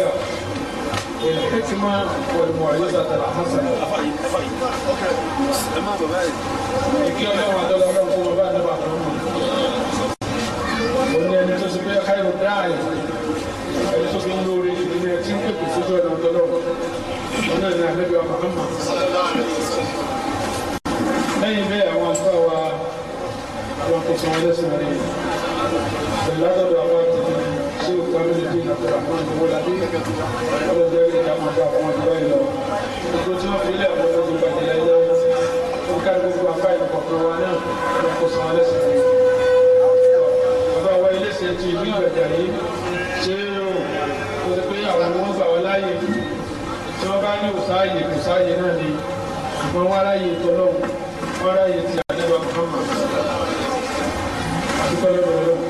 الشر الحكمة والموعظة الحسنة Onye ni tó ṣe pé káyọ̀ dáàyè, ẹni tó fi ń lórí ìdílé tí ń pèpè sójú ọ̀nà ọ̀dọ́dọ̀, ọ̀nà ìrìn àlẹ́bí ọmọ ọmọ. Lẹ́yìn bẹ́ẹ̀ àwọn àgbà wa, wọn kò sanwó lẹ́sìn rẹ̀, pẹ̀lú látọ̀dọ̀ àwọn ìtọ́jú ní ìdílé àti àwọn ìdíwọ́ ládé ọlọ́jọ́ ilé ìjà máa bá àwọn ìdíwọ́ ìlọ. gbogbo tí wọ́n fi ilé ẹ̀kọ́ lọ́dún gbàjẹ́ lẹ́yẹ ó ká gbogbo apá ìkọ̀kan wa náà lọ kó san ẹlẹ́sìn rẹ̀. bàbá wa ilé ṣe ti ìlú ìgbàjà yìí ṣé o kò sí pé àwọn ni wọ́n gbà wọ́n láàyè tí wọ́n bá ní òsáàyè kò sáàyè náà ni ṣùgbọ́n wọ́n aráyè tọ́lọ́wọ́ wọ́n aráyè ti àdébà Muhammad àti pẹ́lẹ́ lọ́wọ́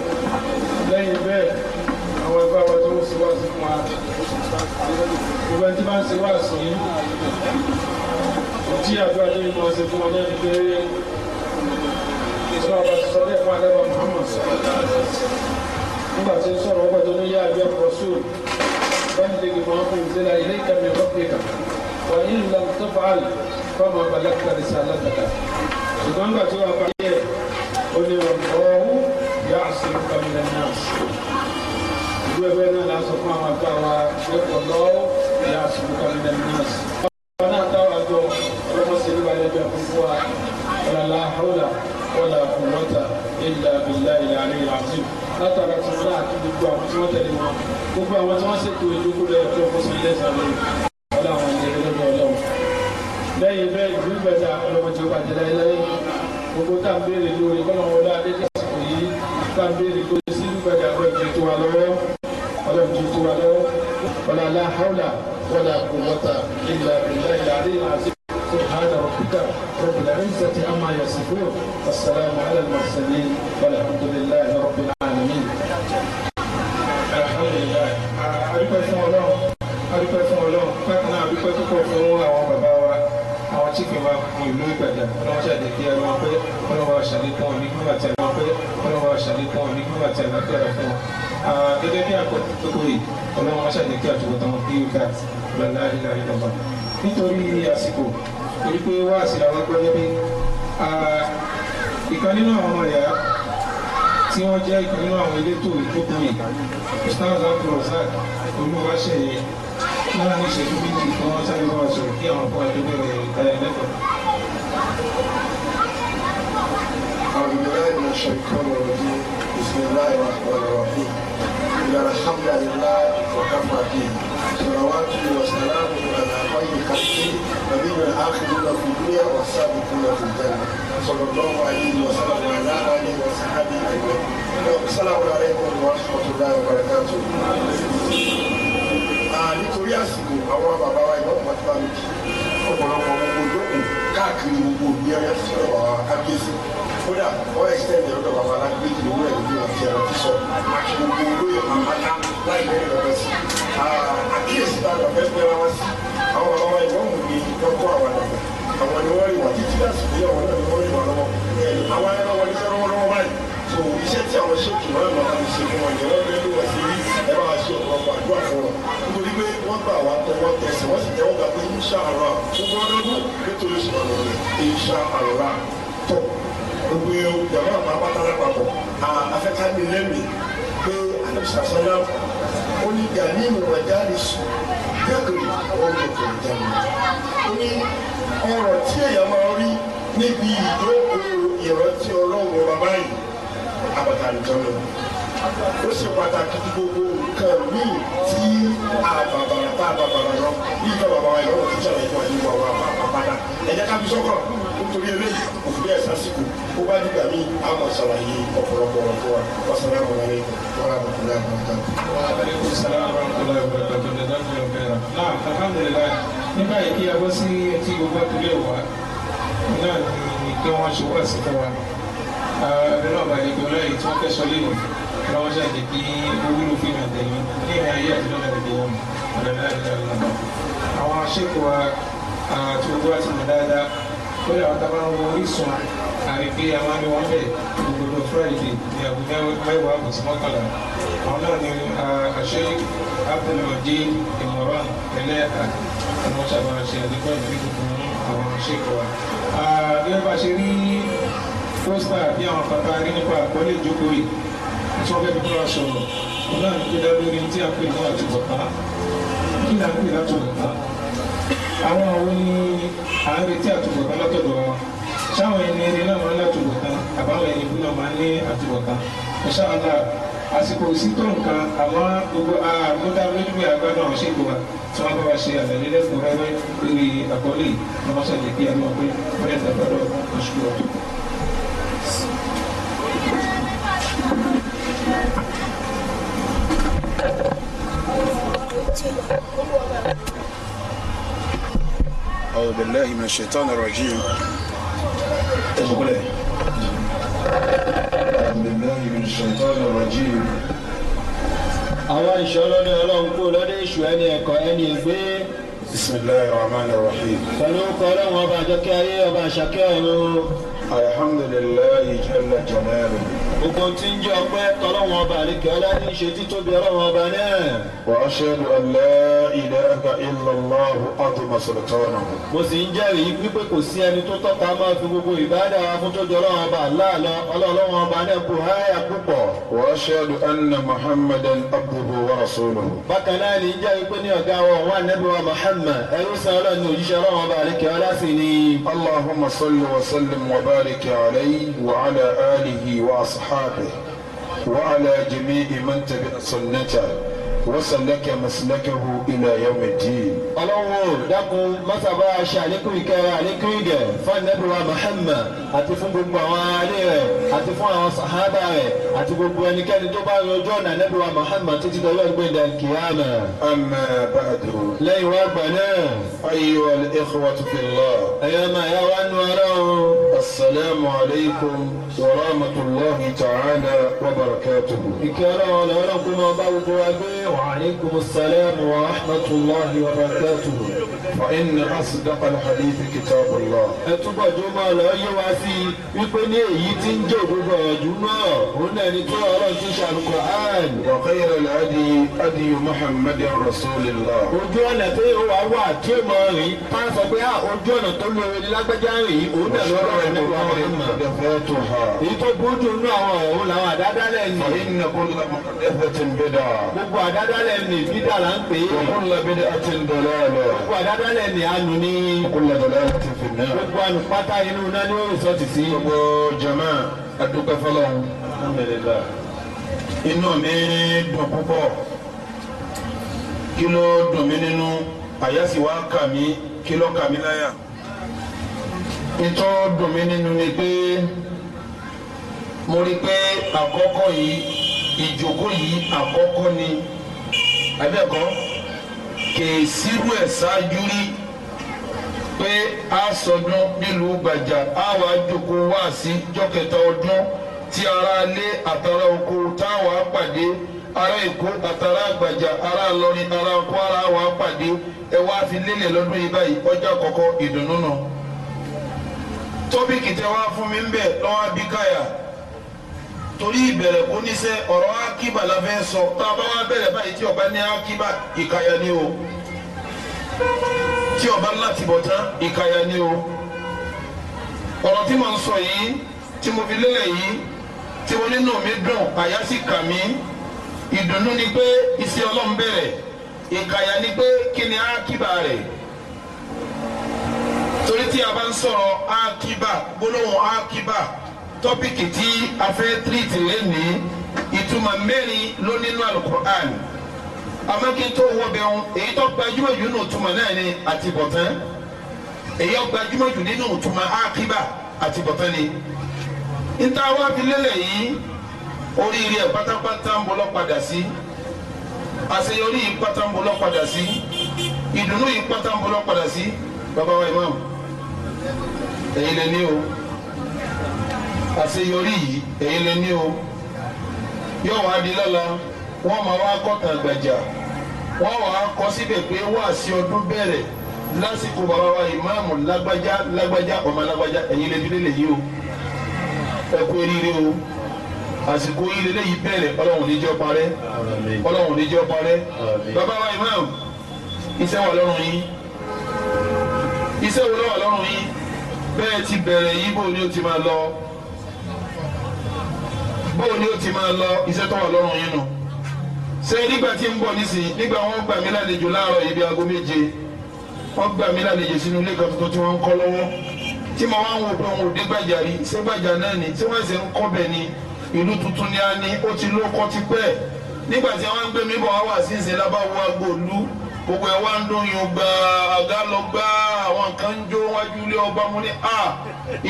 gbogbo ẹni tí bá ń ṣe wá sí tí àdúrà tó yìí máa ṣe fún wọn náà ni pé ìṣọ́ àbá sọ bẹ́ẹ̀ fún adébá Muhammad nígbà tí ń sọ̀rọ̀ ọgbà tó ní yá àbí ọkọ̀ sóò bẹ́ẹ̀ ni lè máa kún ìdílé ilé ìkàmì ọ̀pẹ̀kà wà ní ìlà tó fàálì fọ́ọ̀mù abalẹ́kà rẹ̀ sálẹ̀ tàkà ṣùgbọ́n nígbà tí wọ́n parí ẹ̀ ó ní máa ma gba wa lẹ́kọ̀ọ́ lọ́wọ́ ìyá àsìkò kàmínà nọ́ọ̀sì. wọn náà táwọn àjọ ọlọ́mọṣẹ́ ló bá yẹ bí àkókò wa ọ̀làlá àhọ́là ọ̀là àkùnrọ̀tà ìlà ìlà ìlànà ìlànà látara tí wọn náà tún gbogbo àwọn tí wọn tẹ̀lé wọn gbogbo àwọn tí wọn ṣètò ìjókòó rẹ ọjọ́ fọsọ ilé ìsàlẹ̀ ọlá àwọn ìdílé lọ́dọ̀ Ọlọ́run lẹ́yìn bẹ́ẹ̀ ìlú ìgbẹjà ọlọmọdé ọba àjẹlá ilé gbogbo tá à ń béèrè lórí kọlọmọ ọlá adé ìka lọ́la ìlà ìjọba nítorí àsìkò torí pé wá àsìlà wọn gbọ́ yẹ́bí ìkan nínú àwọn ọmọ ìyá tí wọ́n jẹ́ ìkan nínú àwọn elétò ìjókòó yìí ustaz abdulrasaq olúwa ṣẹyẹ náà ní ìṣẹ́jú méjì kí wọ́n sáré wá sọ̀rọ̀ kí àwọn kan ẹgbẹ́ rẹ̀ ìtayà lẹ́kọ̀ọ́. أعوذ بالله من الشيطان الرجيم بسم صلواتي وسلامه على خير خلقه نبي الآخرين في الدنيا والسابقين في الجنة صلى الله عليه وسلم وعلى آله وصحبه أجمعين السلام عليكم ورحمة الله وبركاته nítorí àsìkò àwọn bàbá wa ìwọ́n pàtó bá mi kí ọ̀pọ̀lọpọ̀ gbogbo jókòó káàkiri gbogbo òbí ẹ̀rẹ́ sí ọ̀rọ̀ àkábíyèsí kódà wọ́n ẹ̀sítẹ́ẹ̀dì ọ̀dọ̀ bàbá alágbèjì owó ẹ̀ lórí àti ẹ̀rọ sísọ àti gbogbo olóyè pàpàtà láì bẹ́ẹ̀ lọ́rẹ́ sí i àkíyèsí tá a kà fẹ́ pẹ́ra wá sí àwọn bàbá wa ìwọ́n mú mi lọ́kọ́ àwọn àgbà àwọn ni wọ́n rí wà títí dàsìkò yìí àwọn náà ni wọ́n rí wà lọ́wọ́ àwọn ẹran wọn iṣẹ́ lọ́wọ́lọ́wọ́ báyìí tó iṣẹ́ tí àwọn ṣéèkì wọn máa ń ṣe fún wọn ìyẹn lọ́dún ẹlú wà sí rí ẹ bá ṣe ọ̀pọ̀lọpọ̀ àdúrà fún wọn nítorí pé wọ́n gbà wá tọwọ́ tẹsẹ̀ wọ́n sì tẹ́wọ́ gbà pé ń ṣá àrà gbogbo ọdọọdún nítorí ṣùgbọ́n ọ̀rọ̀ rẹ̀ ń ṣá àrà tọ̀ gbogbo ìyàwó àpapọ̀ àfẹ́ká mi lẹ́mìí pé àdàbísàsánná ó ní gàmí ìmùwẹ̀dáre sùn gẹ́gẹ́ ọ̀rọ̀ ìjọba ó ní ọ̀rọ̀ tí èèyàn máa rí níbi ìjókòó ìrántí ọlọ́run bàbá yìí àbàtà ìjọba ó ṣe pàtàkì gbogbo nǹkan míì tí àbàbàrà tá àbàbàrà lọ bí ìjọba bàbá wa ìrọ̀rùn tíjà lẹ́kọ̀ọ́ ìwà wa bàbá padà ẹ̀jẹ̀ ká fi sọ́kọ̀ nítorí eléyìí òfin bẹ́ẹ̀ sásìkò tó bá dìgbà míì a mọ̀ ṣàlàyé ọ̀pọ̀lọpọ̀ ọ̀rọ̀ tó wà wasalaamu alaykum wa rahmatulahi wa barakatuh. wa aleykum salaam wa rahmatulahi wa barakatuh ní dákun yóò fẹ́ra. náà alhamdulilayi nígbà yìí kí a bọ́ sí etí gbogbo àtúlẹ̀ wa náà ni kí wọ́n ṣe wá sí fún wa. abẹ́rẹ́ ọ̀bà ìgbò láyé tí wọ́n kẹ́sọ lẹ́nu lọ́wọ́ ṣàjẹ́ kí wúlò fi hàn tẹ̀lé ní ayé àti lọ́la ìdè àwọn aṣèkò àti gbogbo àti mọ̀ dáadáa lórí àwọn tábà ń wọ orísun àrí pé a máa ń wọ́n bẹ̀ gbogbo friday ní àbújá mẹ́wàá àbùsí mọ́kànlá àwọn náà ni àṣẹ abdulmọdé ìmọ̀ràn ẹlẹ́ẹ̀ka ni wọ́n sábà ṣe àdékọ́ ìlú gbogbo àwọn ṣèkọ́ wa. bí wọ́n bá ṣe rí pósítà bí àwọn bàbá rí nípa àkọlé ìjókòó yìí tí wọ́n fẹ́ fi bá sọ̀rọ̀ wọn náà ń gbé dá lórí tí a pè ní àtúbọ̀tá kí ni a pè látúbọ̀tá àwọn àwọn ni à ń retí àtúbọ̀tá látọ̀dọ̀ wọn sáwọn ẹni ẹni náà máa ń látúbọ̀tán àbáwọn ẹni ibú náà máa ń ní àtúbọ̀tán insha Allah àsìkò òsítọ́ nǹkan àmọ́ gbogbo àgbọ́dá lójúwé àgbàdo àwọn ṣègbò wa tí wọ́n bá wa ṣe àlàyé lẹ́kùn rẹ́rẹ́ lórí àkọlé ọmọṣẹ́lẹ̀ kí ẹnu ọgbẹ́ bẹ́ẹ̀ tàbọ̀dọ̀ oṣù ọ̀tún. أعوذ بالله من الشيطان الرجيم ẹ̀sùnkúnlẹ̀. àwọn ìṣòro ní ọlọ́run kú lọ́dẹ ìṣù ẹni ẹ̀kọ́ ẹni ègbé. bisimilayi rahman rahim. pẹ̀lú kọ́lọ́ wọn ọba àjọkẹ́ ayé ọba àṣàkẹ́ ọ̀run. alhamdulilayi jalla jalaluhu gbogbo tí ń jẹ́ ọpẹ́ tọ́lọ́wọ́n ọba àlekè ọlá ní í ṣe títóbi ọlọ́wọ́n ọba náà. wa ashhadu an la ilaha illallah azuma sultanahu. mo sì ń jẹ́rìí wípé kò sí ẹni tó tọ́ka máa fi gbogbo ìbáàdà wa ọlọ́wọ́n ọba aláàlọ́ ọlọ́wọ́n ọba náà kò háyà púpọ̀. wa ashhadu anna muhammadan abduhu wa rasuluhu. bákan náà وأصحابه وعلى جميع من تبع سنته wasalaka masalakahu ila yawmi ddin. ọlọ́wọ́ dákun masaba aṣọ àlékún ìkẹrẹ àlékún ìgẹ̀ fún anabiwa Muhammad àti fún gbogbo àwọn alé rẹ̀ àti fún àwọn sahaba rẹ̀ àti gbogbo ẹnikẹ́ni tó bá lọ ọjọ́ ọ̀nà anabiwa Muhammad títí dọ́jọ́ ìgbéǹda kìámà. amma ba'du. lẹ́yìn wá gbà náà. ayyuhal ikhwatu fillah. ẹ̀yọ́ máa yá wá nu ara o. asalaamu alaykum wa rahmatulahi ta'ala wa barakatuhu. ìkẹrẹ ọ̀nà ọ̀nà kúmọ̀ bá gbogbo wa وعليكم السلام ورحمة الله وبركاته فإن أصدق الحديث كتاب الله. ẹtúbọ̀ tó máa lọ yé wa sí i wípé ní èyí tí ń jẹ́ òdodo ọ̀dún náà òun náà ni kí ọ̀rọ̀ ti ṣàlùkò àn. وخير الهدي هدي محمد رسول الله. ojú ọ̀nà tí ó wà wà tí ó mọ rí ká sọ pé á ojú ọ̀nà tó lóore lágbájá rí òun náà lọ́rọ̀ rẹ̀ nípa ọ̀rẹ́ mọ̀. èyí tó bójú inú àwọn ọ̀hún làwọn àdádálẹ̀ ni. فإن كل محدثة بدعة. gbogbo àdádálẹ̀ ni bídà là ń pè é. وكل بدعة ضلالة. gbogbo àdá dábàlẹ̀ ni a nù ní. kúlẹ̀ ti fi náà. gbogbo àlùpàtà inú náà ni ó rìsọ́ọ̀tì sí. gbogbo jama adúpẹ́ fọlọ́run. inú mi dùn púpọ̀ kí ló dùn mí nínú àyà kà mí kí ló kà mí láyà. ìtọ́ dùn mí nínú ni pé mo rí pé àkọ́kọ́ yìí ìjókòó yìí àkọ́kọ́ ni abẹ́ẹ̀kọ́. keesiru e sa yuri pe a sojun gbaja awa jokuru wa si joketa odun ti ara ale atara oko taa wa pade ara iku atara gbaja ara lori ara oko ara wa pade ewa fi lele lodu ibai koja koko idununa tobi kitewa fuminbe kwanwa bikaya torí ìbẹ̀rẹ̀ kò ní sẹ́ ọ̀rọ̀ akíba la fẹ́ sọ tá a bá wá bẹ̀rẹ̀ báyìí tí ọba ní akíba ìkàyà ni o tí ọba láti bọ̀ tán ìkàyà ni o ọ̀rọ̀ tí mo ń sọ yìí tí mo fi lélẹ̀ yìí tí mo nínú mi dùn àyà sì kà mí ìdùnnú ni pé iṣẹ́ ọlọ́run bẹ̀rẹ̀ ìkàyà ni pé kí ni akíba rẹ̀ torí tí a bá ń sọ̀rọ̀ akíba gbólóhùn akíba tọ́pìkì tí a fẹ́ tírìtì lẹ́nu ìtumọ̀ mẹ́rin ló nínú alukur'an àmọ́ kí n tó wọ bẹ́ẹ̀ wọn èyí tó gbajúmọ̀ jù nínú ìtumọ̀ náà ni àti bọ̀tán èyí tó gbajúmọ̀ jù nínú ìtumọ̀ àkíbà àti bọ̀tán ni. níta wá fi lélẹ̀ yìí oríire ẹ̀ pátápátá ń bọ́lọ́ padà sí àṣeyọrí yìí pátá ń bọ́lọ́ padà sí ìdùnnú yìí pátá ń bọ́lọ́ padà sí bàbá wa ìmáàmù ẹ̀yin lè o àṣeyọrí yìí èyí lè ní o yóò wá di lọ́la wọ́n máa wá kọ́tà gbàjà wọ́n wàá kọ́ síbẹ̀ pé wáàsí ọdún bẹ̀rẹ̀ lásìkò bàbá wa ìmáàmù lágbájá lágbájá ọmọ lágbájá ẹ̀yin lè dúró lè yí o ẹ kú eríire o àsìkò yìí lè léyìí bẹ̀rẹ̀ ọlọ́run níjọ́ parẹ́ ọlọ́run níjọ́ parẹ́ bàbá wa ìmáàmù iṣẹ́ wà lọ́rùn yín iṣẹ́ wo ló wà lọ́rùn yín bẹ́ẹ̀ ti bẹ̀rẹ̀ yín ni ó ti máa lọ bóun ni ó ti máa lọ iṣẹ́ tó lọ́rùn yín nù. ṣé nígbà tí ń bọ̀ nísìnyí nígbà wọn gbà mí lálejò láàárọ̀ yìí bí aago méje wọn gbà mí lálejò sínú ilé kan tuntun tí wọ́n ń kọ́ lọ́wọ́ tí mo wá ń wo pé òun ò dé gbàjà rí ṣé gbàjà náà ni tí wọ́n ṣe ń kọ́ bẹ̀ ni ìlú tuntun ni a ní ó ti ló kọ́ ti pẹ́ nígbà tí wọ́n ń gbé mi bọ̀ wá wà sí lábáwo agbóòlú gbogbo ẹ̀ wá ń dún gba àga lọ gbá àwọn kan jó wájú ilé ọba mo ní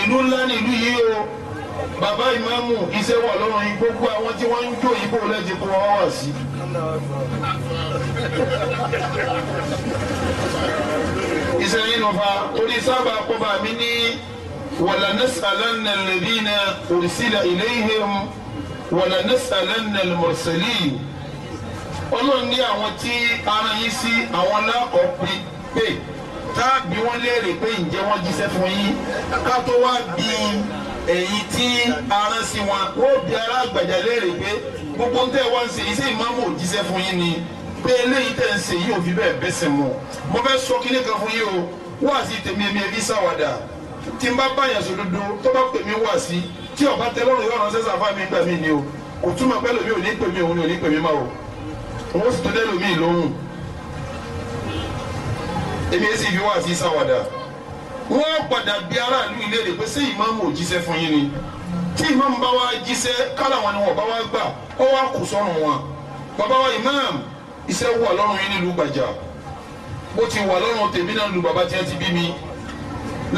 ìlú ńlá ni ìlú yìí o bàbá ìmáàmù iṣẹ́ wà lọ́rùn yín gbogbo àwọn tí wọ́n ń jó ìbò lẹ́jẹ̀ kó wọ́n wà sí. iṣẹ́ nínú fa orí sábà kọba mi ní wàlà nas'alanna alladhina ursila ilayhim wàlà nas'alanna almursalin ọlọ́run ní àwọn tí ara yín sí àwọn lákọ̀ọ́ pé tá a bí wọ́n léèrè pé ǹjẹ́ wọ́n jíṣẹ́ fún yín ká tó wá bí i èyí tí aran sí wọn ó bi ará àgbàjà léèrè pé gbogbo tẹ wá ń ṣe iṣẹ́ ìmáàmù òjíṣẹ́ fún yín ni pé eléyìí tẹ̀ ń ṣe yìí ò fi bẹ́ẹ̀ bẹ́sẹ̀ mu mo fẹ́ sọ kíní kan fún yín o wá sí tèmi èmi ẹbí sáwàdà tí n bá báyàn sòdodo tó bá pè mí wá sí tí ọba tẹ lọ́rùn yóò ránṣẹ́ sàfà mi gbà mí ni o kò túmọ̀ pé lómi ò ní pè mí òun ni ò ní pè mí má o òun sì tó dé lómi lóhùn èmi ẹ sì fi wá sí sáwàdà wọ́n padà bí aráàlú ilé rẹ̀ pé ṣé ìmáàmù ò jíṣẹ́ fún yín ni tí ìmáàmù bá wá jíṣẹ́ kálá wọn ni wọn bá wá gbà ó wá kù sọ́run wọn bàbá wa ìmáàmù iṣẹ́ wà lọ́rùn yín nílùú gbàjà bó ti wà lọ́rùn tèmi náà lu bàbá tí wọ́n ti bí mi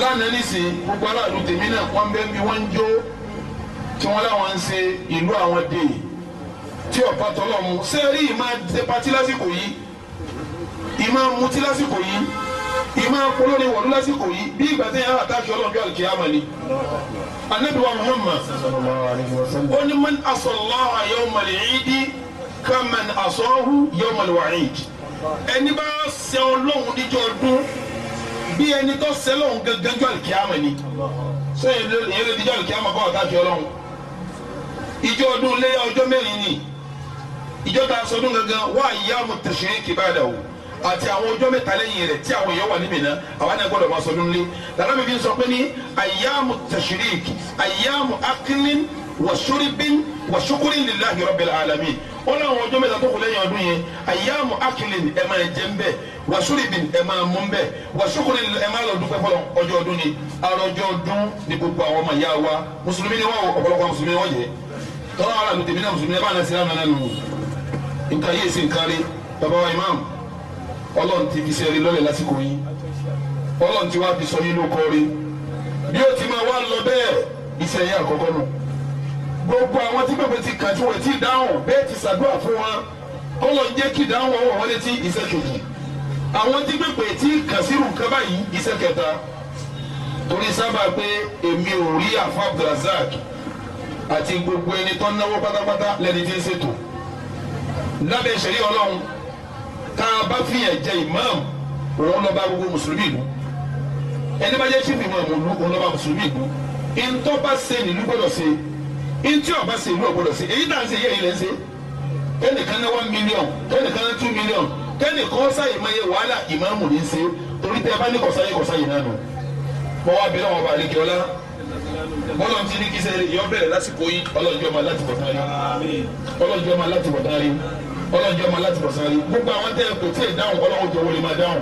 lánàá nísìn gbogbo aráàlú tèmi náà wọ́n bẹ́ẹ̀ bí wọ́n ń jó tí wọ́n láwọn ń ṣe ìlú àwọn dè tí ọ̀pá tọ́lọ́mù ṣé rí ìmáà ṣe lásìkò yìí ìmáà mutí lásìkò yìí ìmọ̀ polórí wọ̀lú lásìkò yìí bí ìgbà tí yàrá àtàkì ọlọ́dún àlùkìyàmọ̀ ni. anabi wa muhammad ó ní man asọ̀lọ́hà yawmal ìdí ká man asọ́hu yawmal wa'id. ẹni bá ṣe ọlọ́run níjọ́ ọdún bí ẹni tó ṣe lọ́run gangan jọ àlùkìyàmọ̀ ni. sẹ́yìn ìyẹn lè dijọ́ àlùkìyàmọ̀ bá àtàkì ọlọ́run. ìjọ ọdún léyà ọjọ́ mẹ́rin ni ìjọ ta sọdún gangan wà á yá mu tẹ̀sán kìbá dà wò àti àwọn ọjọ́ mẹ́ta lẹ́yìn rẹ̀ tí àwọn èèyàn wà níbì náà àwa náà gbọ́dọ̀ máa sọ lónìí lànà mi fi sọ pé ní ayyamu tashrik ayyamu akilin wa shuribin wa shukurin lillahi rabbil alamin ó láwọn ọjọ́ mẹ́ta tó kù lẹ́yìn ọdún yẹn ayyamu akilin ẹ̀ máa jẹ ń bẹ́ẹ̀ wa shuribin ẹ̀ máa mú ń bẹ́ẹ̀ wa shukurin ẹ̀ máa lọ dúpẹ́ fọlọ́ ọjọ́ ọdún ni arọjọ́ ọdún ni gbogbo àwọn ọmọ ìyá wa mùsùlùmí ni wọ́n ọ̀pọ̀lọpọ̀ mùsùlùmí wọ́n yẹ tọ́lá wàhálà lùtẹ̀mí náà mùsùlùmí ẹ̀ bá náà sí náà nínú nǹkan yìí sí nǹkan rí bàbá wa imam ọlọ́run ti fi sẹ́rí lọ́lẹ̀ lásìkò yín ọlọ́run ti wá fi sọ yín ló kọ́rí bí ó ti máa wá lọ bẹ́ẹ̀ ìṣẹ̀yìn àkọ́kọ́ nù gbogbo àwọn tí pèpè ti kàn tí wọ́n ti dáhùn bẹ́ẹ̀ ti ṣàdúrà fún wọn kọ́lọ̀ ń jẹ́ kí dáhùn ọwọ́ wọn létí iṣẹ́ kejì àwọn tí pèpè ti kàn sírù nǹkan báyìí iṣẹ́ kẹta torí sábà pé èmi ò rí àfa Abdulrasaq àti gbogbo ẹni tó náwó pátápátá lẹ́ni tí ń ṣètò lábẹ́ ìṣẹ̀rí ọlọ́run tá a bá fi yàn jẹ ìmáàmù òun lọ bá gbogbo mùsùlùmí ìlú ẹni bá jẹ chief ìmáàmù òun lọ bá mùsùlùmí ìlú ntọ́ bá ṣe nílùú gbọ́dọ̀ ṣe ntí ọba ṣe ìlú ọgbọ́dọ̀ ṣe èyí náà ṣe yẹ ilẹ̀ ṣe kẹ́nìkan náà one million kẹ́nìkan náà two million kẹ́nìkan sáyè máa yẹ wàhálà ìmáàmù ní ṣe torí tẹ́ bá ní kọ̀sáyé kọ̀sáyé náà nù mọ wá bẹ̀rẹ̀ wọn bá lékè ọlá bọ́lá ti ní kí sẹ́yìn yọ bẹ̀rẹ̀ lásìkò yìí ọlọ́njọ́ máa láti bọ̀ dárí ọlọ́njọ́ máa láti bọ̀ dárí ọlọ́jọ́ máa láti wọ̀sán rí gbogbo àwọn tẹ́ ẹ kò tí ì dáhùn ọlọ́run jọ wọlé máa dáhùn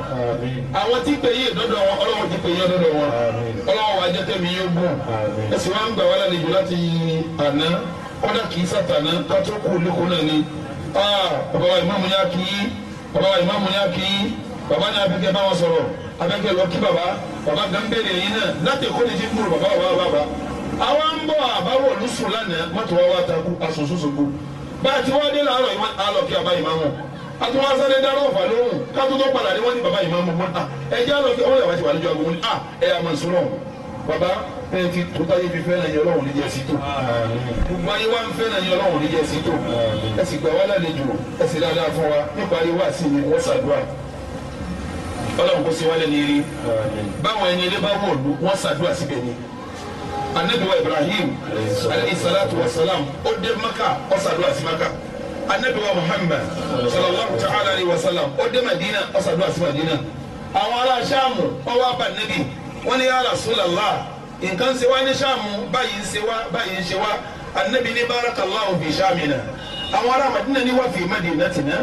àwọn tí pè yé dọ́dọ̀ wọn ọlọ́run ti pè yé dọ́dọ̀ wọn ọlọ́run wà jẹ́ tẹ̀mí yóò gùn ẹ̀sìn wa ń gbà wá lálejò láti àná kọ́dà kì í sàtàná kátó kú lóko náà ni bàbá wa ìmáàmù yá kí bàbá wa ìmáàmù yá kí bàbá náà fi kẹ́ bá wọn sọ̀rọ̀ abẹ́kẹ́ lọ kí bàbá bàbá gánbẹ́rẹ́ yìí náà láti kó ní ti ń bùrù bàbá wa bàbá àwa ń bọ̀ àbáwọ̀ lùsùn lánàá mọ́tò wa wá takú asùnsùn sùn kú bá a ti wá dé láàárọ̀ ìmọ̀ àlọ́ kí bàbá ìmáàmù àti wọn sáré dáná ọ̀fà lóhùn kátó tó padà ní wọn ní bàbá ìmáàmù wọn à ẹjẹ́ àlọ́ kí ọ̀rẹ́ wa ti wà lójú agogo ní à ẹ̀ àmọ̀ sùnrọ̀ bàbá ẹ fi tó táyé fi fẹ́ nàyẹ ọlọ́run níjẹ́ sí tó gbogbo ayé wa ń fẹ́ nàyẹ ọlọ́run níjẹ́ sí tó ẹ sì gbà wá lálejò ẹ sì dáadáa fún wa nípa ayé wa sí ni wọ́n ṣàdúrà ọlọ́run kò sí wálé ní rí báwọn ẹni ilé bá wọ̀lú wọ́n ṣàdúrà síbẹ̀ ni anabiwa ibrahim alayhisalatu wasalam ó dé maka ó ṣàdúrà sí maka anabiwa muhammad sallallahu ta'ala alayhi wasalam ó dé madina ó ṣàdúrà sí madina àwọn ará sàmù wọ́n wá bá nabi wọ́n ní ya rasulallah nǹkan ṣe wá ní sàmù báyìí ń ṣe wá báyìí ń ṣe wá anabi ní barakallahu fi sàmìnà àwọn ará madina ní wá fi madinatina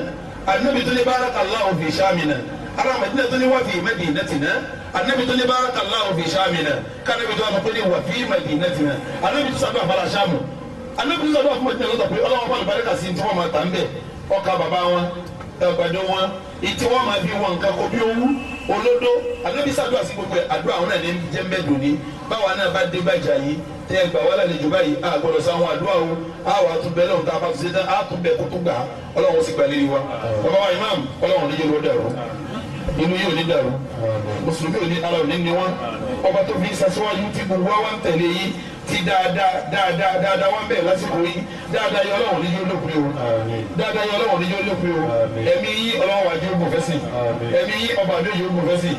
anabi tó barakallahu fi sàmìnà ará madina tó ní wá fi anabi tó lé barakallahu fi shamina kánabi tó wà fún ní wà fi madinatina anabi tó sàdúrà fara sàmù anabi tó sàdúrà fún madina lọ́dọ̀ pé ọlọ́wọ́ fún àlùbáríkà sí tí wọ́n máa tà ń bẹ̀ ọkà bàbá wọn ẹgbẹ̀dọ̀ wọn ìtí wọ́n máa fi wọn nǹkan kó bí owó olódó anabi sàdúrà sí gbogbo àdúrà àwọn náà ní jẹ́ ń bẹ́ dùn ní báwa náà bá dé bàjá yìí tẹ́ ẹ gbà wá lálejò báyìí a gbọ́dọ̀ sọ àwọn àdúrà o a wà á tún bẹ lọ́run tá a bá tún ṣe tán a tún bẹ kó tún gbà ọlọ́run sì gbà lérí wa bàbá wa imam ọlọ́run níjẹ́ ló dẹ̀rọ inú yóò ní dàrú mùsùlùmí ò ní ara ò ní ní wọn ọba tó fi sasiwaju tí gbogbo wa ń tẹ̀lé yìí ti dáadáa dáadáa dáadáa wọn bẹ̀rẹ̀ lásìkò yìí dáadáa yọ ọlọ́run níjó lópin o dáadáa yọ ọlọ́run níjó lópin o ẹ̀mí yí ọlọ́run wà jó gùn fẹ́sì ẹ̀mí yí ọba àdó yóò gùn fẹ́sì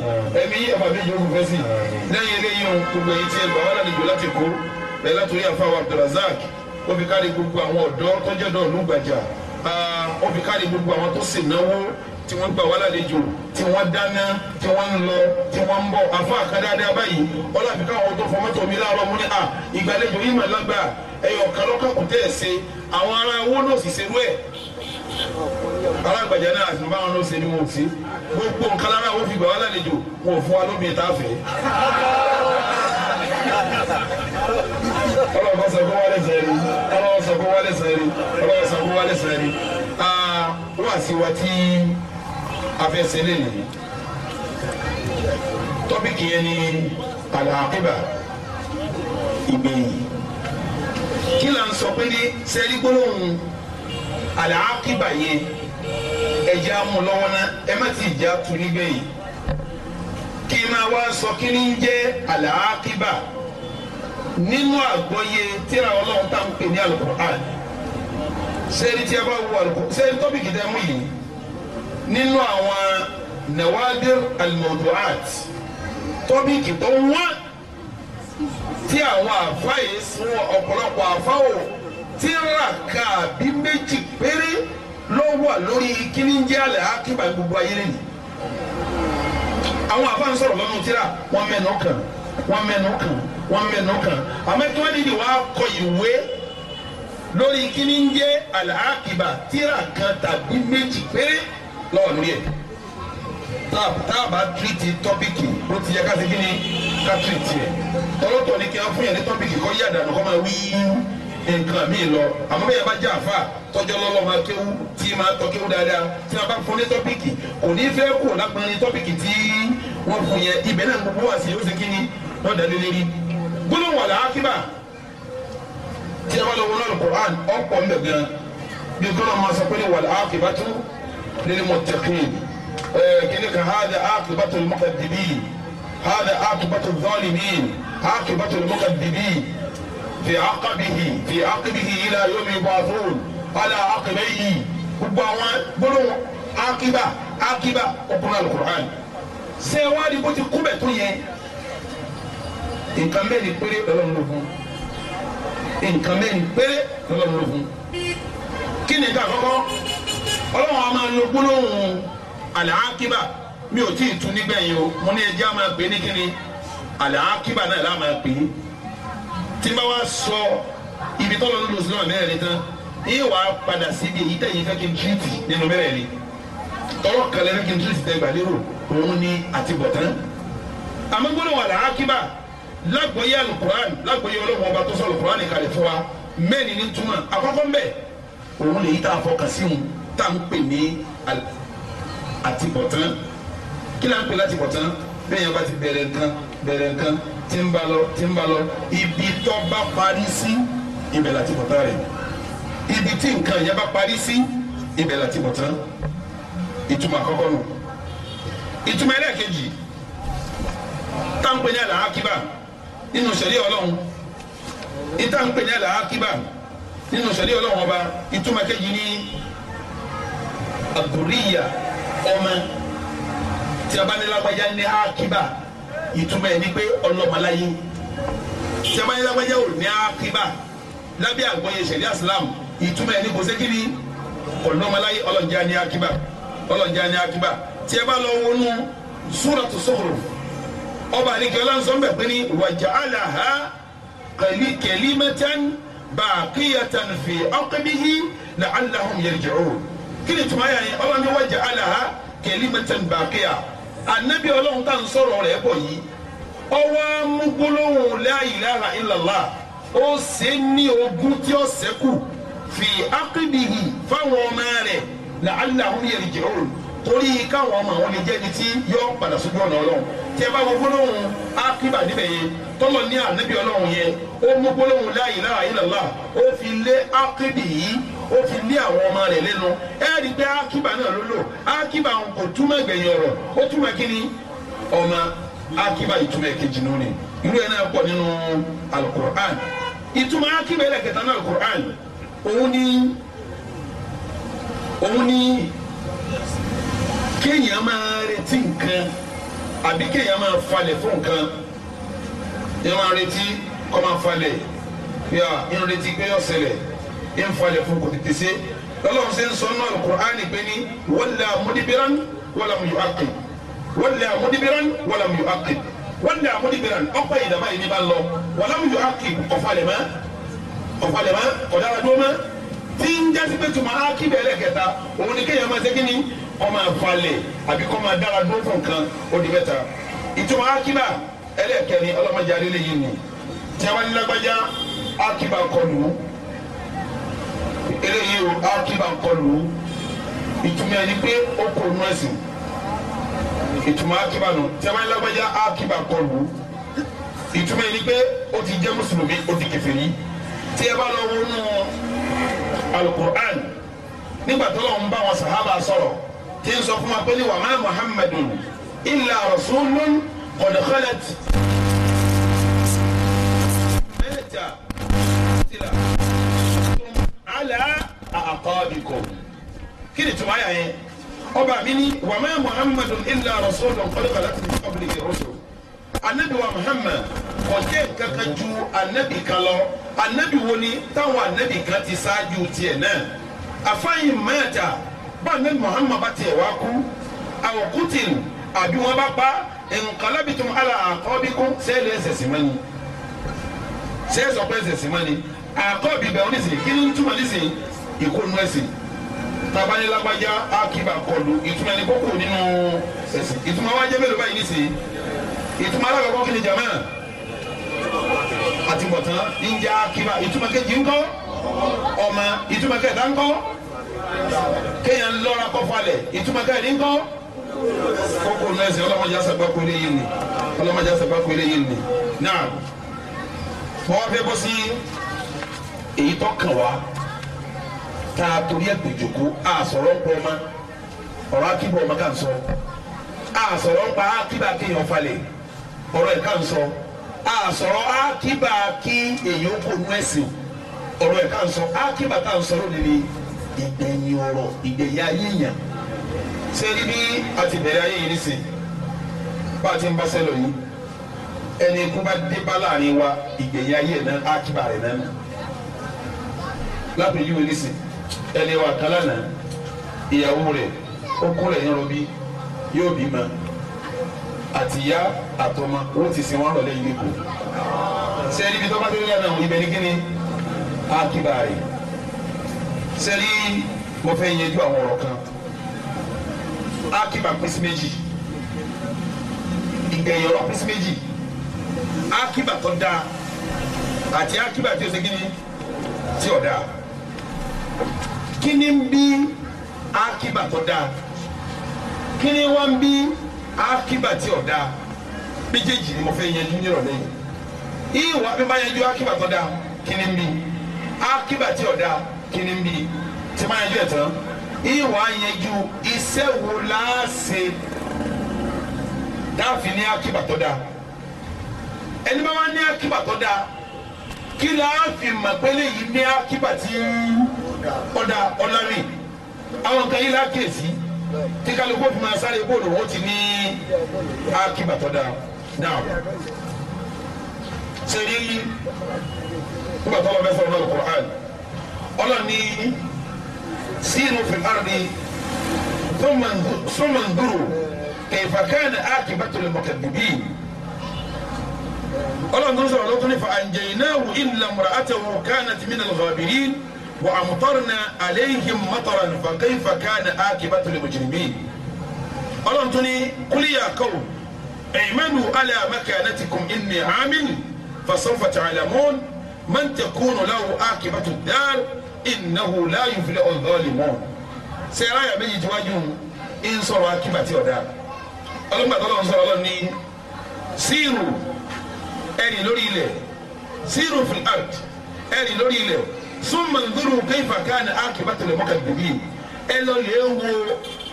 ẹ̀mí yí ọba àdó yóò gùn fẹ́sì lẹ́yìn eléyìí o gbogbo èyí tí ẹ gbà wá lálejò láti kó ẹ látòrí àfáà wa Abdulrasaq ó fi kárí gbogbo àwọn ọ̀dọ́ tó jẹ́ dọ̀ọ̀lú gbàjà ó fi kárí gbogbo àwọn tó sì náwó tí wọ́n gbà wá lálejò tí wọ́n dáná tí wọ́n ń lọ tí wọ́n ń bọ̀ àfa àkàdáadáa báyìí ọlọ́àfi káwọn tó fọmọ́tò mi láàárọ̀ mú ní à ìgbàlejò yìí mà lágbà ẹ̀yọ̀ kan lọ́kàkùn tẹ̀ ṣe àwọn ará owó náà sì ṣerú ẹ̀ alágbàjá náà àti báwọn náà ṣe ni wọn ò sí gbogbo nǹkan lára wọn fi gbà wá lálejò wọn ò fún wa lómi ìta fẹ́ ọlọ́wọ́ sọ fún wálé sẹ́rí ọlọ́wọ́ sọ fún wálé sẹ́rí ọlọ́wọ́ sọ fún wálé sẹ́rí wá sí wa tí afẹsẹ lẹni tọpiki yẹn ni alakiba ìgbẹ̀yìn kí là ń sọ pé ní sẹ́rí gbólóhùn alakiba yẹn ẹ̀jẹ̀ amú lọ́wọ́ náà ẹ má ti ìjà tu nígbẹ̀yìn kí máa wá sọ kí ní jẹ́ alakiba nínú àgbọ́yé tíra ọlọ́run tá à ń pè ní alukur'an sẹ́rí tí a bá wù alukur'an sẹ́rí tọ́pìkì tẹ́ mú yìí nínú àwọn nawadir almawduat tọ́bíkì tó wọ́n tí àwọn àfa yìí sun ọ̀pọ̀lọpọ̀ àfa o tí ràkà bí méjì péré ló wà lórí kíní jẹ́ àlẹ́ akíba gbogbo ayé nìyí. àwọn àfa ń sọ̀rọ̀ lọ́nu tíra wọ́n mẹ́nu kàn wọ́n mẹ́nu kàn wọ́n mẹ́nu kàn àmọ́ tí wọ́n dìde wàá kọ ìwé lórí kíní jẹ́ àlẹ́ akíba tíra kan tàbí méjì péré lọ́wọ́ lórí ẹ̀ tá a bá tírìtì tọ́pìkì ló ti yẹ ká ṣe kí ni ká tírìtì ẹ̀ tọ́lọ́tọ̀ ni kí wọ́n fún yẹn ní tọ́pìkì kọ́ yí àdànù kọ́ máa wí nǹkan mi lọ àmọ́ bẹ́ẹ̀ bá jẹ́ àfa tọ́jọ́ lọ́lọ́ máa kéwú tí máa tọ́ kéwú dáadáa tí a bá fún ní tọ́pìkì kò ní fẹ́ kó lápá ní tọ́pìkì tí wọ́n fún yẹn ibẹ̀ náà gbogbo wà sí yóò ṣe kí ni wọ́n dá lé lérí gbólóhùn wàlá ákíbà tí a bá lọ wọlé Al-Qur'an ọ̀pọ̀ mbẹ̀ gan bí للمتقين كذلك هذا عاقبة المكذبين هذا عاقبة الظالمين عاقبة المكذبين في عقبه في عقبه إلى يوم يبعثون على عقبيه gbogbo akiba akiba ọkùnrin alukur'an ṣé wàá di bó ti kú bẹ́ẹ̀ tó yẹ nǹkan mẹ́rin péré ọlọ́run ló fún nǹkan mẹ́rin péré ọlọ́run ló fún kí ni nǹkan àkọ́kọ́ máa lo gbólóhùn àlàákíbà mi ò tí ì tún nígbẹ̀yìn o mo ní ẹjẹ́ a máa pè é ní kíni àlàákíbà náà la máa pè é tí n bá wá sọ ibi tọ́lọ́ ń lò sí náà mẹ́rin tán yín wàá padà síbi èyí tẹ̀yìn fẹ́ kí n tírìtì nínú mẹ́rẹ̀ẹ̀rin tọ́lọ́ kan lẹ́fẹ́ kí n tírìtì tẹ́ gbà lérò òun ni àtibọ̀tán àmọ́ gbólóhùn àlàákíbà lágbóyè alukuraan lágbóyè ọlọ́run ọba tó sọ a fọkàn tá à ń pè ní àtibọ̀tán kí là ń pè látibọ̀tán bẹ́ẹ̀ yẹn bá ti bẹ̀rẹ̀ nǹkan bẹ̀rẹ̀ nǹkan tí ń bá lọ tí ń bá lọ ibi tó bá parí sí ibẹ̀ látibọ̀tán rẹ̀ ibi tí nǹkan yẹn bá parí sí ibẹ̀ látibọ̀tán ìtumọ̀ àkọ́kọ́ nù ìtumọ̀ ẹlẹ́ẹ̀kejì táǹpẹ̀ ní àlàákíbà nínú sẹ̀rí ọlọ́run ìtàǹpẹ̀ ní àlàákíbà nínú sẹ̀rí ọlọ́run ọba ìtumọ̀ kejì ní àdúríyà ọmọ tí a bá ní lágbájá ní àkíbà ìtumọ̀ ẹ̀ ni pé ọlọ́mọláyé tí a bá ní lágbájá ò ní àkíbà lábẹ́ àgbọ̀yé ṣẹ̀ríà Islam ìtumọ̀ ẹ̀ ni kò sékìrì ọlọ́mọláyé ọlọ́njá ní àkíbà ọlọ́njá ní àkíbà tí a bá lọ wọnú súrọ̀tù sọ̀rọ̀ ọba àdìgẹ́ ọlọ́nsọ́nbẹ̀ pé ní wàjàálà ha kẹlímẹ́tẹ́n bàkíyàtàn fi ọ́kẹ́bíhì làálàhùn yẹ̀rìjẹ̀ọ́ kí ni tuma yà ni ọlọ́run ni wọ́n jẹ alaha kalimatan baqiya anabi ọlọ́run tá à ń sọ̀rọ̀ rẹ̀ bọ̀ yìí ọwọ́ amúgbólóhùn la ilaha illallah ó ṣe ní ogún tí ó ṣẹ́kù fi aqibihi fáwọn ọmọ rẹ̀ la'allahum yarji'un torí káwọn ọmọ àwọn lè jẹ́ ẹni tí yọ padà sójú ọ̀nà ọlọ́run tí ẹ bá wo gbólóhùn akíbà níbẹ̀ yẹn tọ́lọ̀ ní ànábì ọlọ́run yẹn ó mú gbólóhùn la ilaha illallah ó fi lé akíbì yìí ó fi lé àwọn ọmọ rẹ̀ lẹ́nu ẹ rí i pé akíbà náà ló lò akíbà kò túmọ̀ gbẹ̀yìn ọ̀rọ̀ ó túmọ̀ kí ni ọmọ akíbà ìtumọ̀ kejì nù ni irú ẹ̀ náà pọ̀ nínú alukur'an ìtumọ̀ akíbà ẹlẹ́kẹta náà alukur'an àbí kéèyàn máa falẹ̀ fún nǹkan yẹn máa retí kọ́ máa falẹ̀ yà ń retí pé yọ ṣẹlẹ̀ ń falẹ̀ fún kò tètè ṣe lọ́lọ́run ṣe ń sọ náà alukur'ani pé ní wala mudibiran wala yu'aqib wala mudibiran wala yu'aqib wala mudibiran ọ̀pọ̀ ìdàbà yìí ni bá lọ wala yu'aqib ọ̀falẹ̀ mọ́ ọ̀falẹ̀ mọ́ ọ̀dáradó mọ́ tí ń jásí pé tuma ákíbẹ̀ẹ́lẹ̀ kẹta òun ni kéèyàn máa ṣe kí ni kọ́ máa falẹ̀ àbí kọ́ máa dára dúró fún nǹkan ó di mẹ́ta ìtumọ̀ akíbà ẹlẹ́ẹ̀kẹrin ọlọ́mọdé alẹ́lẹ́ yìí ni tí a bá ní eléyìí o akíbà kọlù ìtumọ̀ ẹni pé ó kò nú ẹ̀sìn ìtumọ̀ akíbà nù tí a bá ní lágbájá akíbà kọlù ìtumọ̀ ẹni pé ó ti jẹ́ mùsùlùmí ó ti kèfèrí tí a bá alukur'an nígbà tó lọ́wọ́ ń bá wọn sàhábà sọ̀rọ̀ tí ń sọ fún wa pé ní wàmá muhammadun illa rasulun qad khalat. mẹ́ta tila ala aqabikum kí ni tuma yà yẹn ọba mi ni wàmá muhammadun illa rasulun qad khalat min qablihi rusul anabi wa muhammad ọjẹ kankan ju anabi kan lọ anabi wo ni táwọn anabi kan ti ṣáájú tiẹ̀ náà àfáyín mẹ́ta báńdé Muhammad bá tiẹ̀ wá kú àwọn kùtìlù àbí wọn bá pa nkàlábìtún àlà àkọ́bíkún sẹ́ẹ̀lì ẹ̀sẹ̀ sí mọ́ni sẹ́ẹ̀ sọ pé ẹ̀sẹ̀ sí mọ́ni àkọ́bí bẹ̀rù nísìnyí kí ni ń túmọ̀ nísìnyí ìkónú ẹ̀sìn tabanilagbadza akiba kọlu ìtumọ̀ ni koko nínú ẹ̀sìn ìtumọ̀ wa jẹ́ báyìí nísìnyí ìtumọ̀ alákọ̀ọ́kọ́ kí ni jama àti bọ̀tán ń jẹ́ akiba ìtumọ̀ kejì ńkọ́ ọmọ ìtumọ̀ kẹta ńkọ́ kéèyàn lọ́ra kọ́falẹ̀ ìtumọ̀ ká ẹ̀rí ńkọ́ kókó nù ẹsẹ̀ ọlọ́mọdé àṣàgbákò ilé yìí ni ọlọ́mọdé àṣàgbákò ilé yìí ni náà wọ́n fẹ́ bọ́ sí èyí tó kàn wá tá a torí ẹ̀pẹ̀ jòkó a sọ̀rọ̀ ń pọ̀ ọmọ ọ̀rọ̀ akíbọ̀ ọmọ ká ń sọ a sọ̀rọ̀ ń pa akíbà kéèyàn falẹ̀ ọ̀rọ̀ ẹ̀ ká ń sọ a sọ̀rọ̀ akíbà kí èèyàn kò nú ẹ̀sìn ọ̀rọ̀ ẹ̀ ká ń sọ akíbà ká ń sọ lónìí ni ìgbé ní ọ̀rọ̀ ìgbéyà yíyàn sẹ́ni bí a ti bẹ̀rẹ̀ ayé yìí nísìn bá a ti ń bá sẹ́lọ̀ yìí ẹni ikú bá dé bá láàrin wa ìgbéyà ayé náà á kíba rẹ̀ náà lápẹ̀jú yìí nísìn ẹni wa kan lánàá ìyàwó rẹ̀ ọkọ rẹ̀ yẹn rọbí yóò bí ma àtìyá àtọmọ wọn ti sin wọn rọlẹ́ yìí kù sẹ́ni bí tọ́ba tó yẹ náà ibẹ̀ ní kíni á kíba sẹ́rí mo fẹ́ yanjú àwọn ọ̀rọ̀ kan á kí bá pín sí méjì ìgbẹ̀yìn ọ̀rọ̀ pín méjì á kí bá tó dáa àti á kí bá tí ṣe kí ni tí ò dáa kí ni ń bí á kí bá tó dáa kí ni wọ́n ń bí á kí bá tí ò dáa méjèèjì ni mo fẹ́ yanjú nírọ̀lẹ́ yìí ìwà mi yanjú á kí bá tó dáa kí ni ń bí á kí bá tí ò dáa kíni bí tí máa yẹjú ẹ̀ tán ìwà yẹjú iṣẹ́ wo láàṣẹ dáàfin ní akíbà tó dáa ẹni bá wá ní akíbà tó dáa kí láàfin màgbélé yìí ní akíbà tí ọ̀dà ọ̀làrin àwọn nǹkan yìí lákèsí tí kálukú fi máa bóòlù ó ti ní akíbà tó dáa náà sẹ́yìn yìí nígbà tó wà sọ̀rọ̀ náà Kùránì ọlọ́ni sínú fìlárì sọmọndúró kẹfàkánì àkìbátòlè mọ̀kàdìbí ọlọ́ni sọ̀rọ̀ lọ́tún ní fa àǹjẹ̀yìnáwó ìlà mùrà àtẹwò kánà tìmínà lọ́bìrì wà àmùtọ́rìnà àlẹ́yìn mọ́tọ̀rọ̀ fàkẹ́fàkánì àkìbátòlè mọ̀jìnbí ọlọ́ni tún ní kúlíyà kọ́wọ́ ẹ̀yìnmánu alẹ́ àmàkànàtìkùn ìnì àmì fasọ́fà tààlàmọ́n mọ́ntẹ̀kùnù láwù àkìbátòlè dáàrú innahu la yuflihu adh-dhalimun sẹ́yìn ayà méjì tíwájú ń sọ̀rọ̀ akíba tí ọ̀dà ọlọ́gbàtọ́ lọ́n sọ̀rọ̀ lọ́n ní síìrù ẹ̀rì lórí ilẹ̀ síìrù fil ard ẹ̀rì lórí ilẹ̀ summa ndúró kayfa kana akibatul mukadzibin ẹ lọ lè wo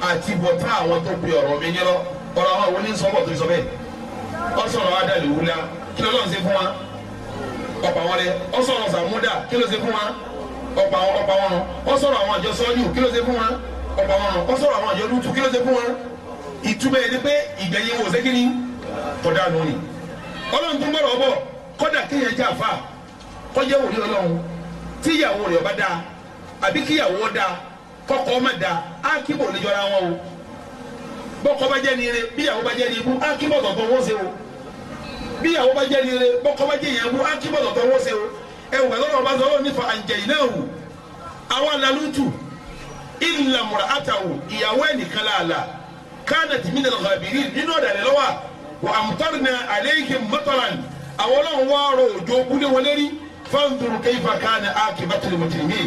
àtibọ̀tá àwọn tó pe ọ̀rọ̀ mi yẹn lọ ọ̀rọ̀ àwọn òwe ní sọ́kọ̀ tó sọ bẹ́ẹ̀ ọ̀sọ̀rọ̀ adàlẹ̀ wúlá kí lọ́lọ́run ṣe fún wa ọ̀pọ̀ àwọn rẹ̀ ọ̀sọ̀rọ̀ sàmúdà kí ló ṣe fún wa ọ̀pá wọn ọ̀pá wọn wọ́n sọ̀rọ̀ àwọn àjọ sọ́ọ́lù kí ló ṣe fún wọn ọ̀pá wọn wọ́n sọ̀rọ̀ àwọn àjọ lútu kí ló ṣe fún wọn ìtumọ̀ ẹni pé ìgbẹ̀yìn wò sékìní kọ̀dà nù ni ọlọ́run tó ń bọ̀rọ̀ bọ̀ kọ́dà kéèyàn jẹ́ àfa kọ́jẹ́ wòlé ọlọ́run tí ìyàwó rẹ̀ bá dáa àbí kíyàwó dáa kọ́kọ́ ọmọ dáa á kí bò lè jọra wọn o bọ́kọ́ bá jẹ́ ni ire bíyàwó bá jẹ́ ni ibú á kí bọ̀ tọ̀tọ̀ wọ́n ṣe o bíyàwó bá jẹ́ ni ire bọ́kọ́ bá jẹ́ ìyàwó á kí bọ̀ tọ̀tọ̀ wọ́n ṣe o ẹwù gbàgbọ́ náà wọ́n bá sọ nífa àǹjẹ̀ yìí náà wù àwọn alalutu ìlà mùrà àtàwù ìyàwó ẹnìkan láàlà kánà tìmí nà lọ́gàbìrì nínú ọ̀dàlẹ̀ lọ́wà wà àmútọ́rì náà àlẹ́yìnkì mọ́tọ́lá ni àwọn ọlọ́run wá rọ òjò búlé wọlé rí fáńdùrù kẹfà kánà àkìbátìrì mùtìrìmí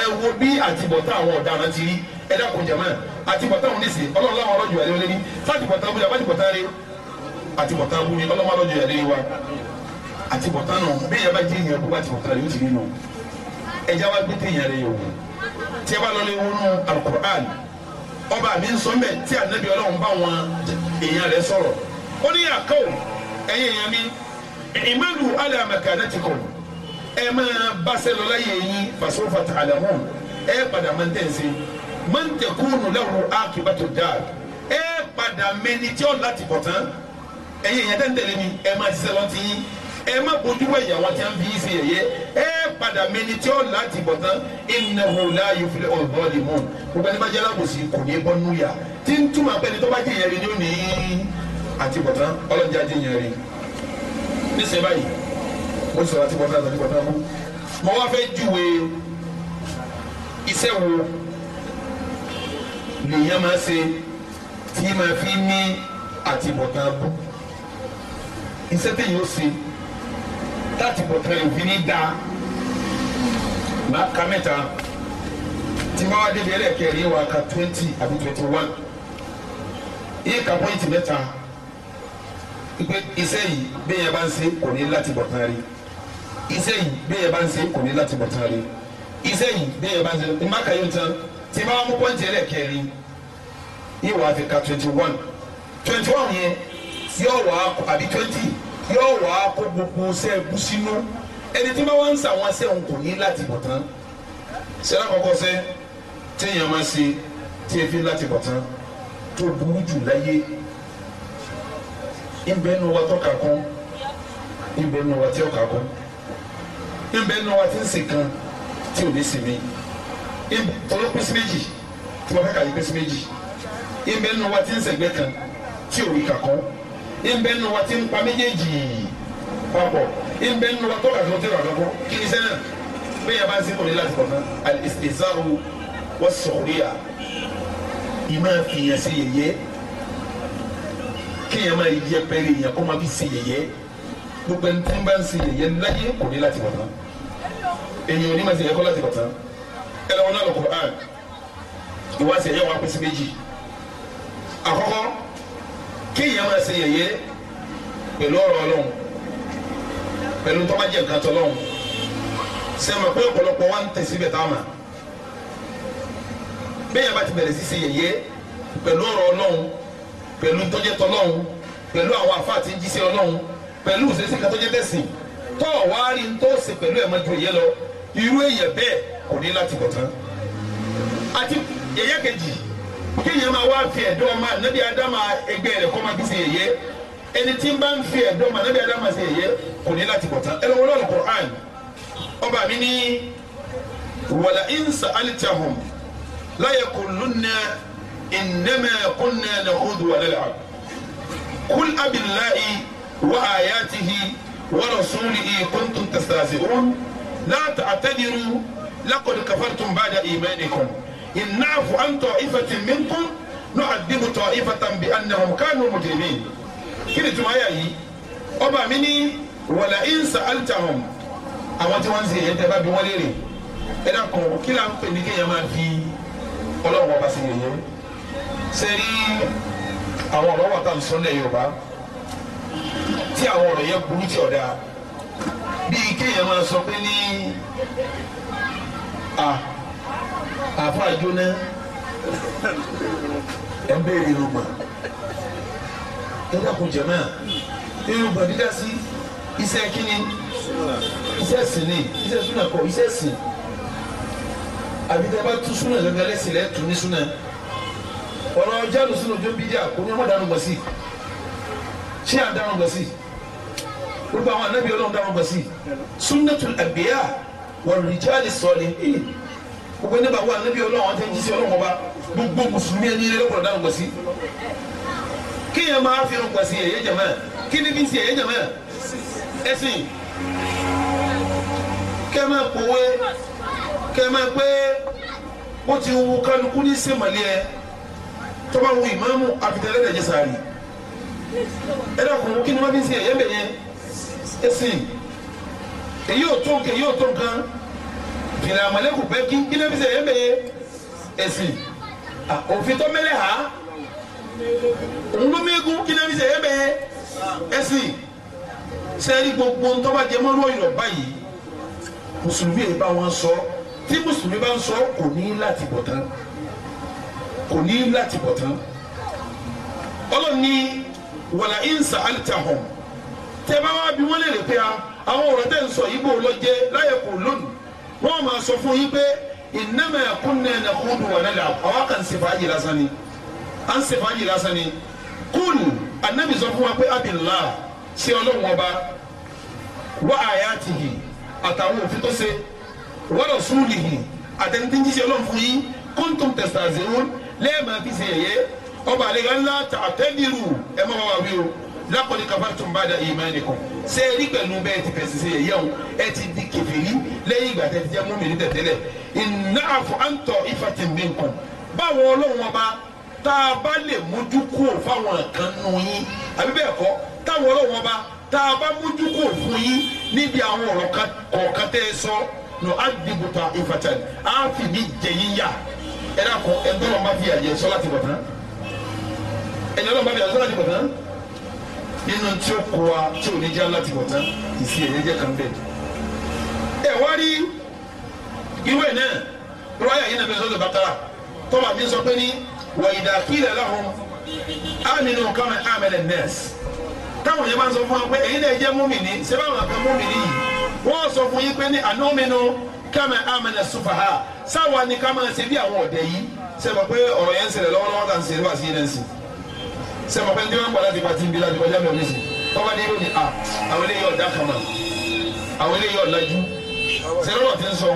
ẹ wo bí àtibọ̀tá àwọn ọ̀daràn ti rí ẹ dákun jẹ̀mọ́ àtibọ̀tá òun nísì ọlọ́run láwọn ọlọ́jọ́ àti bọ̀tán nù bí ìyá bá jẹ́ ìyẹn kó bá ti bọ̀tán rẹ̀ yóò ti rí nù ẹja wa gbé téèyàn rẹ̀ yẹ̀ wò tí ẹ bá lọ lé wọnú alukur'an ọba mi ń sọ mbẹ tí anabi Ọlọ́run bá wọn èèyàn rẹ̀ sọ̀rọ̀ ó ní àkọ́ ẹ̀yẹ èèyàn mi ìmọ̀lù alẹ́ àmàkà náà ti kọ̀ ẹ máa bá sẹ́lọ láyé yín fasofa tààlàmù ẹ padà máa ń tẹ̀sí máa ń tẹ̀kúnnù lẹ́wọ̀n àkìbàtò dáa ẹ padà mẹni tí ó láti bọ̀ tán ẹ̀yẹ èèyàn tẹ̀lé mi ẹ máa ti sẹ́lọ ti yín ẹ má bójú wẹ̀ ìyàwó tí a fi yín sí ẹ̀yẹ ẹ padà mẹni tí ó láti bọ̀ tán innahu la yuflihu adh-dhalimun gbogbo ẹni bá jẹ́ alábòsí kò ní bọ́ núyà tí ń túmọ̀ abẹ́ni tó bá jẹ́ ìyẹn rí ni ó ní àti bọ̀ tán ọlọ́jà jẹ́ ìyẹn rí níṣẹ́ báyìí mo sọ̀rọ̀ àti bọ̀ tán àti bọ̀ tán mú mo wá fẹ́ júwe iṣẹ́ wo lèèyàn máa ṣe tí máa fi ní àtibọ̀tán bú iṣẹ́ téèyàn ó ṣe láti kò tẹ òfin ní da máa ka mẹ́ta tí wọ́n wá débi ẹlẹ́kẹ̀ẹ́rẹ́ wa ka twenty àbí twenty one yìí ka pọ́ìntì mẹ́ta pé iṣẹ́ yìí bẹ́ẹ̀ yẹn bá ń ṣe kò ní láti bọ̀ tán rí iṣẹ́ yìí bẹ́ẹ̀ yẹn bá ń ṣe kò ní láti bọ̀ tán rí iṣẹ́ yìí bẹ́ẹ̀ yẹn bá ń ṣe ní má kàyé tán tí wọ́n mú pọ́ìntì ẹlẹ́kẹ̀ẹ́rẹ́ yìí wà á fi ka twenty one twenty one yẹn yóò wà á àbí twenty yóò wá kó gbogbo sẹ́ẹ̀bù sínú ẹni tí wọ́n wá ń sàwọn sẹ́wọ̀n kò ní láti bọ̀ tán sẹ́lá kọ́kọ́ sẹ́ téèyàn máa ṣe tí efi láti bọ̀ tán tó burú jù láyé ìbẹ́ nu wa tọ́ka kan ìbẹ́ nu wa tí ọ̀ka kan ìbẹ́ nu wa tí ń sè kan tí ò ní sinmi tọ́lọ́ pèsè méjì tí wọ́n fẹ́ kà yí pèsè méjì ìbẹ́ nu wa tí ń sẹ̀gbẹ́ kan tí ò rí kà kan ìbẹ́ nù wá ti ń pa méjèèjì papọ̀ ìbẹ́ nù wá tó wà tó wà lọ́kọ́ kí ni sẹ́nà bẹ́ẹ̀ yà bá ń sẹ́kọ̀ ní láti kọ̀ọ̀kan àlìsèzáru wọ́n sọ̀ríyà ìmọ̀ fìyàn sí yẹyẹ kéèyàn máa yẹ pẹ́ẹ́rẹ́ yẹn kó máa fi sí yẹyẹ gbogbo ẹni tí ń bá ń sí yẹyẹ láyé kò ní láti kọ̀ọ̀kan èyàn ní ma ṣe yẹkọ láti bàtà ẹ lọ wọn náà lọ Qur'an ìwà ṣe yẹ wọn apèsè méjì àkọ́kọ́ kéèyàn máa ṣe yẹ̀yẹ́ pẹ̀lú ọ̀rọ̀ ọlọ́run pẹ̀lú tó bá jẹ́ nǹkan tó lọ́run sẹ́wọ̀n pé ọ̀pọ̀lọpọ̀ wa ń tẹ̀sí bẹ̀ táwọn bẹ́ẹ̀ bá ti bẹ̀rẹ̀ sí ṣe yẹ̀yẹ́ pẹ̀lú ọ̀rọ̀ ọlọ́run pẹ̀lú tó jẹ́ tọ́lọ́run pẹ̀lú àwọn àfáà tí ń jíṣẹ́ ọlọ́run pẹ̀lú òṣèṣe kan tó jẹ́ tẹ̀sìn tó wá rí n tó ṣe pẹ̀lú ẹ̀mọ́ ju ìyẹn lọ irú èèyàn bẹ́ẹ̀ kò kéèyàn máa wá fi ẹ̀dọ́ ọmọ ànábì adama ẹgbẹ́ rẹ̀ kọ́ máa fi ṣe yẹyẹ ẹni tí ń bá ń fi ẹ̀dọ́ ọmọ ànábì adama ṣe yẹyẹ kò ní láti bọ̀ ẹ lọ́wọ́ lọ́rùn Qur'an ọba mi ní wàlà ìnsà alìtàhùn láyé kùlùnà ìnẹ́mẹ̀ kùnà nàhùdù wàlẹ́lá kùl abillahi wa ayatihi wa rasulihi kuntum tastahzi'un la ta'tadiru laqad kafartum ba'da imanikum innafu an ta'ifatin minkum nu'adhibu ta'ifatan bi annahum kanu mujrimin kí ni tuma yà yìí ọba mi ní wala in sa'altahum àwọn tí wọ́n ń ṣe yẹn tẹ́ bá bí wọ́n léèrè ẹ dàkún kí là ń pè ní kéèyàn máa fi ọlọ́run ọba sí yẹn yẹn ṣe rí àwọn ọ̀rọ̀ wà tá à ń sọ lẹ́yìn ọba tí àwọn ọ̀rọ̀ yẹn burú tí ọ̀dà bíi kéèyàn máa sọ pé ní àfa jóná ẹ ń béèrè irùngbọ̀n ẹ dákun jẹ mọ́ irùngbọ̀n dídá sí iṣẹ́ kínní iṣẹ́ sìn ni iṣẹ́ súnà kọ iṣẹ́ sìn àbí tẹ bá tú súnà gẹ́gẹ́ lẹ́sìn lẹ tún ní súnà ọ̀rọ̀ ọjà lùsùn òjò bíjà kò ní wọ́n dànù gbọ̀ sí ṣé à ń dànù gbọ̀ sí gbogbo àwọn anábìyàn náà dànù gbọ̀ sí sunnatul anbiya wal rijali salihin gbogbo ẹni bá wà níbi ọlọ́run ọtí ẹnjí sí ọlọ́run ọba gbogbo mùsùlùmí ẹni rẹ lọ́kọ̀ọ́ dáhùn gbọ̀sí. kéèyàn máa fi irun gbọ̀sí ẹ̀yẹ jẹ̀mọ́ kí ni bí ń ṣe ẹ̀yẹ jẹ̀mọ́ ẹ̀sìn kẹ́ máa pòwe kẹ́ máa pé wọ́n ti wu kálukú ní sèmọ̀lẹ́ ẹ tọ́ba wu ìmáàmù àfitẹ́lẹ́dẹ̀ jẹ sàárì ẹ dàkùn kí ni wọ́n fi ń ṣe ẹ̀yẹ bẹ̀yẹ ẹ̀sìn èyí ò tó nǹkan èyí ò tó nǹkan bìnnà àmàlẹ́kù pé kí kí lè fi ṣe ébè èsì òfin tó mẹ́lẹ̀ ha òun ló mẹ́gun kí lè fi ṣe ébè èsì sẹ́ẹ̀rí gbogbo ń tọ́ba jẹ mọ́rú ọ̀yọ̀ báyìí mùsùlùmí yìí bá wọn sọ tí mùsùlùmí bá ń sọ kò ní láti bọ̀ tán kò ní láti bọ̀ tán ọlọ́ni wàlà ìnsà àlìtàhùn tẹ́ bá wá bí wọ́n lè rè pé àwọn ọ̀rọ̀ tẹ́ ń sọ yìí bò lọ jẹ láyẹ̀kùn lónìí wọ́n máa sọ fún yín pé innama kunna nakhudu wa nal'ab àwa kan ṣe fàájì lásán ni à ń ṣe fàájì lásán ni kúl anabi sọ fún wa pé abillah ṣé ọlọ́run ọba wa ayatihi àtàwọn òfin tó ṣe wa rasulihi àtẹnudí jíṣẹ́ ọlọ́run fún yín kuntum tastahzi'un lẹ́ẹ̀ma fi ṣe yẹ̀yẹ́ ọba àlejò ńlá tàtẹ́lìrù ẹ̀ má wà wí o lakọni kafartum ba'da imanikum sẹẹri pẹ̀lú bẹ́ẹ̀ ti fẹsẹ sẹ yẹyẹ o ẹ ti di kèfèrí lẹ́yìn ìgbà tẹ́ ti jẹ́ mùmínì tẹ́tẹ́lẹ̀ inna'fu an ta'ifatin minkum báwo Ọlọ́run ọba tá a bá lè mójú kúrò fáwọn kan nù yín àbí bẹ́ẹ̀ kọ́ táwọn Ọlọ́run ọba tá a bá mójú kúrò fún yín níbi àwọn ọ̀rọ̀ kọ̀ọ̀kan tẹ́ ẹ sọ nù ádìbùtà ìfàtàn á fìdí jẹyíyà ẹ dàkọ ẹ dọ́lọ́mọ́ fi àyè sọ́lá ti bọ̀ tán ẹ dọ́lọ́mọ́ fi àyè sọ́lá bọ̀ tán nínú tí ó kó wa tí ò ní já láti wọ̀ tán ìsì ẹ̀yẹ jẹ́ kan bẹ́ẹ̀. ẹ wá rí ìwé náà wáyà yìí nàbẹ sọ́dọ̀ bàtàrà tọ́ba mi sọ pé ní wà ìdàkílẹ̀ láhùn àmínú káwọn àmẹ́lẹ̀ nẹ́ẹ̀sì táwọn yẹn bá ń sọ fún wa pé èyí náà jẹ́ múmìnì ṣé báwọn múmìnì yìí wọ́n sọ fún yín pé ní ànúmínú kámẹ́ àmẹ́lẹ̀ sùfàhà sáwọn ni kámẹ́ ṣe bí àwọn ọ̀dẹ̀ yìí ṣe mọ̀ pé ọ̀rọ̀ yẹn ń ṣẹlẹ̀ lọ́wọ́lọ́wọ́ kà ń ṣe sí yẹn ń sìn sẹ́wọ̀n pé ndé wọn gbà láti pàtí nbí láti kọjá mẹ́rin sí tọ́ba ní yóò ní a àwọn eléyìí ọ̀dà kan náà àwọn eléyìí ọ̀làjú sẹ́wọ́n ti ń sọ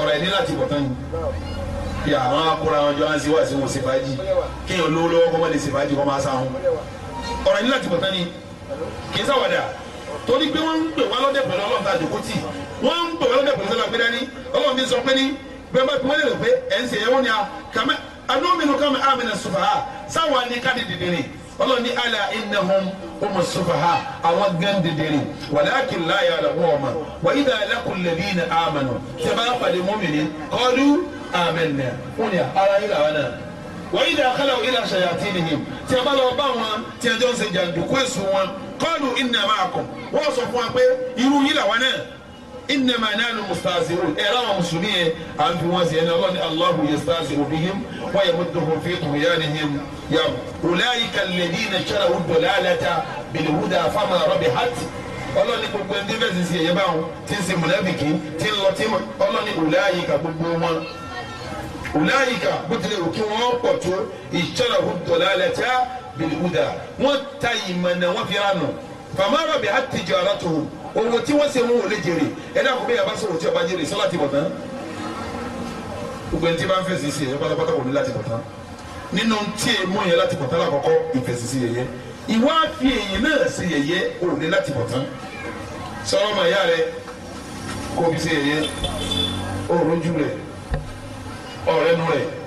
ọ̀rọ̀ ẹ̀dí láti bọ̀ tán yìí àwọn akóra wọn jọ ánsi wá sí wọn sèpájì kéèyàn lówó lọ́wọ́ kọ́ máa lè sèpájì kọ́ máa sáwọn ọ̀rọ̀ ẹ̀dí láti bọ̀ tán ni kì í ṣàwàdà torí pé wọ́n ń pè wá lọ́dẹ̀ pẹ̀lú ọlọ́run tá a jòkó tì wọ́n ń pè wá lọ́dẹ̀ pẹ̀lú sọ́lá gbé dání ọlọ́run fi sọ pé ní bẹ́ẹ̀ bá ti wọ́n lè rò pé ẹ̀ ń a kàmẹ́ anúmínú kàmi àmìnà sùfàhà sáwọn ní ká dìde ní ọlọ́ni àlà ìnáhùn ọmọ sùfàhà àwọn gán dìde ní wàláàkì láyà àlàbọ̀ ọmọ wà ìdá alákùnlẹ̀bí ní àmànà tẹ bá pàdé mọ́mìnì kọ́dú àmìnà fúnni ara yìí làwọn náà wà ìdá akálàwò ìlà ṣàyàtì nìyí tí a bá lọ bá wọn tí a jọ ń ṣe jàǹdùkú ẹ̀sùn wọn kọ́dù ìnàmà àkọ́ wọ́n sọ fún wa pé irú yìí làwọn náà innama nanu mustahzi'un ẹ̀rọ àwọn mùsùlùmí yẹn à ń fi wọn sí ẹni ọlọ́ni Allahu yastahzi'u bihim wa yamudduhum fi tughyanihim yà ulaika alladhina ishtaraw ad-dalalata bil-huda fama rabihat ọlọ́ni gbogbo ẹni bẹ́ẹ̀ sì sí ẹ̀yẹ báwọn tí ń ṣe mùnàfìkì tí ń lọ tí ọlọ́ni ulaika gbogbo wọn ulaika bó tilẹ̀ òkè wọn pọ̀ tó ishtaraw ad-dalalata bil-huda wọ́n ta ìmọ̀nà wọ́n fi hàn nù famā rabihat tijāratuhum òwò tí wọ́n ṣe wọn ò lè jèrè ẹ̀dá kò bí yàrá sọ̀rọ̀ tí ọba jèrè sọ́lá ti bọ̀ tán gbogbo ẹni tí bá ń fèsì sí ẹ̀yẹ pátápátá wò ní láti bọ̀ tán nínú tí ẹ mú yẹn láti bọ̀ tán lákọ̀ọ́kọ́ ìfèsì sí yẹyẹ ìwà fi èyàn náà sí yẹyẹ ò ní láti bọ̀ tán sọ́wọ́n ma ya rẹ kó o fi sí yẹyẹ òòrùn ju rẹ ọ̀rẹ́nu rẹ.